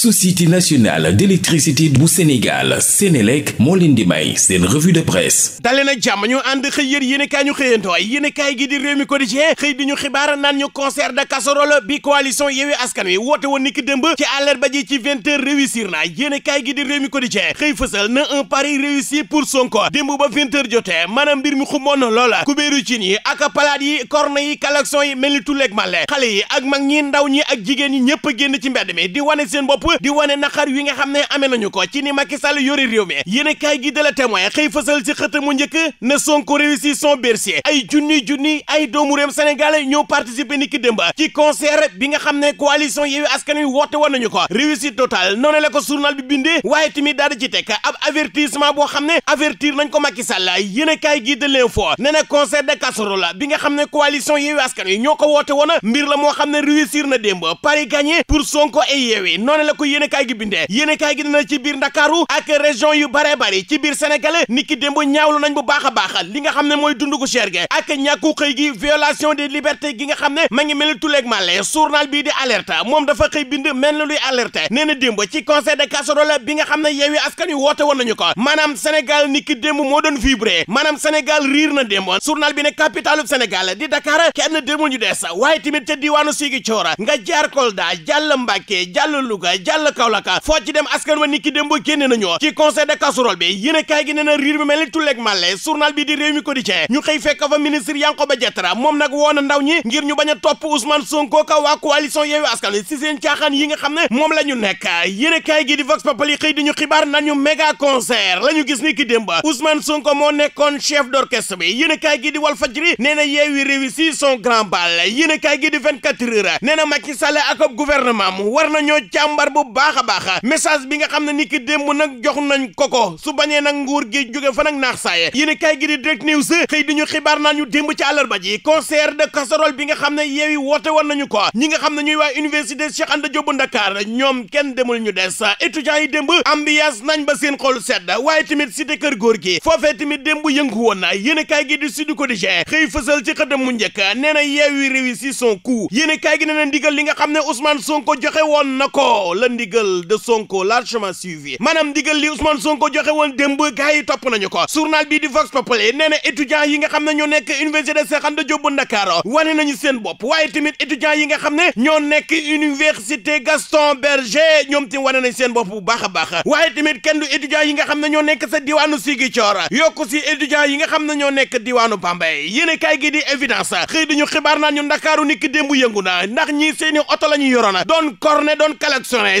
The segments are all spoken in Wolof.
société nationale d'électricité bu Sénégal Sénélec moo leen di may seen revue de presse dalee jàmm ñu ànd xëy yër yéenekaay ñu xëyantoo yéenekaay gi di Rewmi Quotidien xëy di ñu xibaar naan ñu concert de casserole bi coalition Yewwi Askan Wi woote woon niki démb ci àllarba ji ci vingt réussir na yéenekaay gi di Rewmi Quotidien xëy fësal na un pari réussi pour Sonko démb ba vingt heures jotee mbir mi xumboon loola kubéeru cin yi ak palaat yi corne yi klaxon ndaw ñi ak jigéen ñi ñëpp génn ci mbedd mi di wane di wane naqar wi nga xam ne amee nañu ko ci ni Macky Sall yore réew mi yéen kaay gi xëy fësal ci xët mu njëkk ne Sonko réussi son bercier ay junni junni ay doomu réew Sénégal ñoo participer ni ki démba ci concert bi nga xam ne coalition Yewwi Askan Wi woote woon nañu ko réussite totale noonu la ko journal bi bindee waaye tamit daal ci teg ab avertissement boo xam ne avertir nañ ko Macky Sall yéen kaay gi de l'info nee na concert bi nga xam ne coalition Yewwi Askan Wi ñoo ko woote woon la moo xam ne réussir na démb pari gagné pour ko yéen kaay gi bindee yéen kaay gi dina ci biir ndakaaru ak région yu bare bari ci biir sénégalais ni ki démb ñaawlu nañ bu baax a baax li nga xam ne mooy dund gu cher gi ak ñàkku xëy gi violation des libertés gi nga xam ne ma ngi mel ni tuleeg male journal bii di alerte moom dafa xëy bind mel na luy alerte nee na démb ci conseil de casserole bi nga xam ne yeewi askan yu woote woon nañu ko maanaam sénégal ni ki démb moo doon vibré maanaam sénégal riir na démb journal bi ne capitalu sénégal di dakar kenn démul ñu des waaye tamit ca diiwaanu Sigicoor nga jaar Kolda jàll Mbàkke jàll Louga jàll Kaolack foo ci dem askan wa ni ki démb génne nañu ci conseil de casserole bi yéen kaay gi nee riir bi mel ni tulleeg bi di réew mi quotidien ñu xëy fekk fa ministre Yankhoba Diattara moom nag woo ndaw ñi ngir ñu bañ a topp Ousmane Sonko ka waa coalition Yewwi Askan Wi si yi nga xam ne moom la ñu nekk yéen gi di Vox Populi xëy ñu xibaar nañu méga concert la gis ni ki démb Ousmane Sonko moo nekkoon chef d'orchestre bi bu baax a message bi nga xam ne ni ki démb nag jox nañ ko ko su bañee nag nguur gi jóge fa nag naax saaye yéen kaay gi di direct news xëy di ñu xibaar naa ñu ci àllarba ji concert de casserole bi nga xam ne yeewi woote woon nañu ko ñi nga xam ne ñuy waa université Cheikh Anta Diop bu ñoom kenn demul ñu des étudiants yi démb ambiance nañ ba seen xol sedd waaye tamit cité kër góor gi foofee tamit démb yëngu woon na yéen kaay gi di Sud Quotidien xëy fësal ci li nga xam ne ndigal de Sonko largement suivi maanaam ndigal li Ousmane Sonko joxe woon démb gars yi topp nañu ko journal bii di Vox Populi nee na étudiants yi nga xam ne ñoo nekk université Cheikh Anta Diop bu Ndakaaru wane nañu seen bopp waaye tamit yi nga xam ne ñoo nekk université Gaston Berger ñoom tamit wane nañ seen bopp bu baax a baax waaye tamit kenn du étudiants yi nga xam ne ñoo nekk sa diwaanu Ziguinchor yokku si étudiants yi nga xam ne ñoo nekk diwaanu Bambey yéen kaay gi di évidence xëy dañu xibaar naan ñu Ndakaaru niki démb yëngu na ndax ñii seeni oto la ñu yoroon doon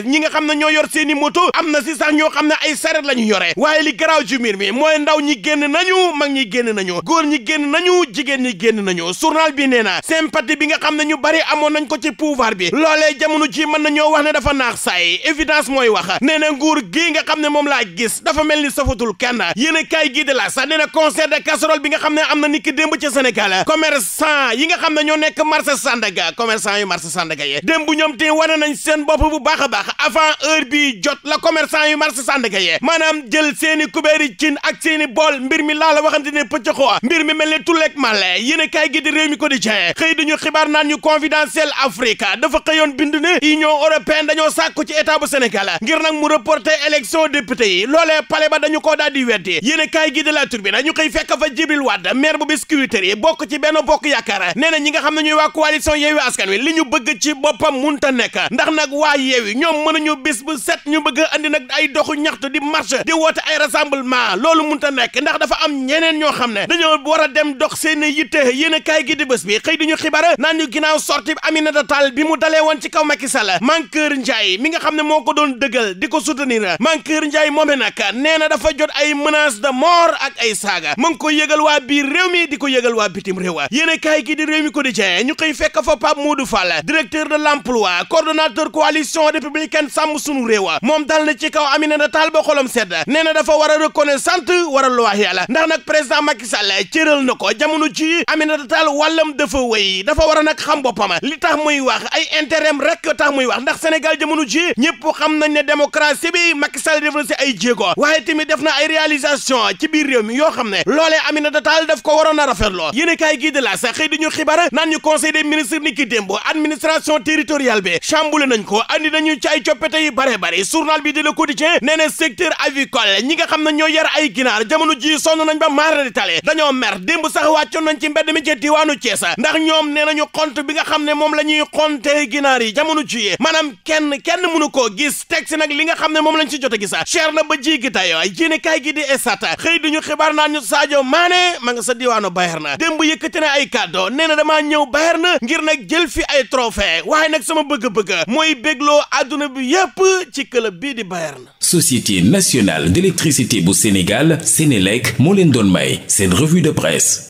waaye ñi nga xam na ñoo yor seeni moto am na si sax ñoo xam ne ay saret la ñu yore waaye li garaaw ci mbir mi mooy ndaw ñi génn nañu mag ñi génn nañu góor ñi génn nañu jigéen ñi génn nañu journal bi nee na sympathie bi nga xam na ñu bari amoon nañ ko ci pouvoir bi loolee jamono ji mën nañoo wax ne dafa naax saay évidence mooy wax nee na nguur gii nga xam ne moom laa gis dafa mel ni safatul kenn yéen a kaay gii de la sax nee na concert de casserole bi nga xam ne am na ni ki démb ci Sénégal commerçant yi nga xam ne ñoo nekk marché Sandaga commerçant yu marché Sandaga yi démb ñoom wane nañ seen bopp bu baax a baax avant heure bii jot la commerçant yu marché Sandaga yee maanaam jël seeni kubéeri cin ak seeni bool mbir mi laa la waxante ne pëccëxoo mbir mi mel ne tulleeg màlle yéen a kaay gi di réew mi quotidien xëy dañu xibaar naan ñu confidentiel Afrique dafa xëyoon bind ne Union européenne dañoo sàkku ci état bu Sénégal ngir nag mu reporter élection député yi loolee palais ba dañu koo daal di weddi yéen a kaay gi de la Tribune ñu xëy fekk fa Djibril Wade maire bu Biscuiterie bokk ci benn bokk yaakaar nee na nga xam ne ñuy waa coalition Yewwi Askan Wi li ñu bëgg ci boppam nekk ndax nag ñoom mënuñu bis bu set ñu bëgg a andi nag ay doxu ñaxtu di marche di woote ay rassemblement loolu munta nekk ndax dafa am ñeneen ñoo xam ne dañoo war a dem dox seen yitte yéen a kaay gi di bés bi xëy di ñu xibaar naan ñu ginnaaw sorti Aminata Tall bi mu dalee woon ci kaw Macky Sall Mankeur Ndiaye mi nga xam ne moo ko doon dëggal di ko man Mankeur Ndiaye moome na nee na dafa jot ay menace de mort ak ay saaga mu ngi ko yëgal waa biir réew mi di ko yëgal waa bitim réew yéen a kaay gi di réew mi ko di ñu xëy fekk fa Pape Modou Fall directeur de l'emploi coordonnateur coalition républicaine républicaine sàmm sunu réewa moom dal na ci kaw Aminata Tall ba xolam sedd nee na dafa war a reconnaissante war a luwaax yàlla ndax nag président Macky Sall cëral na ko jamono ji Aminata Tall wàllam dafa wéy dafa war a nag xam boppam li tax muy wax ay intérêt rek tax muy wax ndax Sénégal jamono ji ñëpp xam nañ ne démocratie bi Macky Sall def si ay jéego waaye tamit def na ay réalisation ci biir réew mi yoo xam ne loole loolee Aminata Tall daf ko waroon a rafetloo yéen a kaay gii de la sax xëy di ñu xibaar naan ñu conseil des ministres ni ki démb administration territoriale bi chamboulé nañ ko andi nañu ci ay coppite yu bare bare journal bi di Le Quotidien nee na secteur avicole ñi nga xam ne ñoo yar ay ginaar jamono ji sonn nañ ba maara di tale dañoo mer démb sax wàccoon nañ ci mbedd mi ci diwaanu Thiès ndax ñoom nee nañu xont bi nga xam ne moom la ñuy xontee ginaar yi jamono ji maanaam kenn kenn mënu koo gis teg si nag li nga xam ne moom lañ ci jot a gis cher na ba ji gi tayoo ne kaay gi di esata xëy duñu xibaar naa ñu Sadio Mané ma nga sa diwaanu Bayern na démb yëkkati na ay kàddo nee na damaa ñëw Bayern na ngir nag jël fi ay trophée waaye nag sama bëgg-bëgg mooy bégloo àdduna bi yépp ci club bii di Bayern. Société nationale d'électricité bu Sénégal Sénélec moo leen doon may seen revue de presse.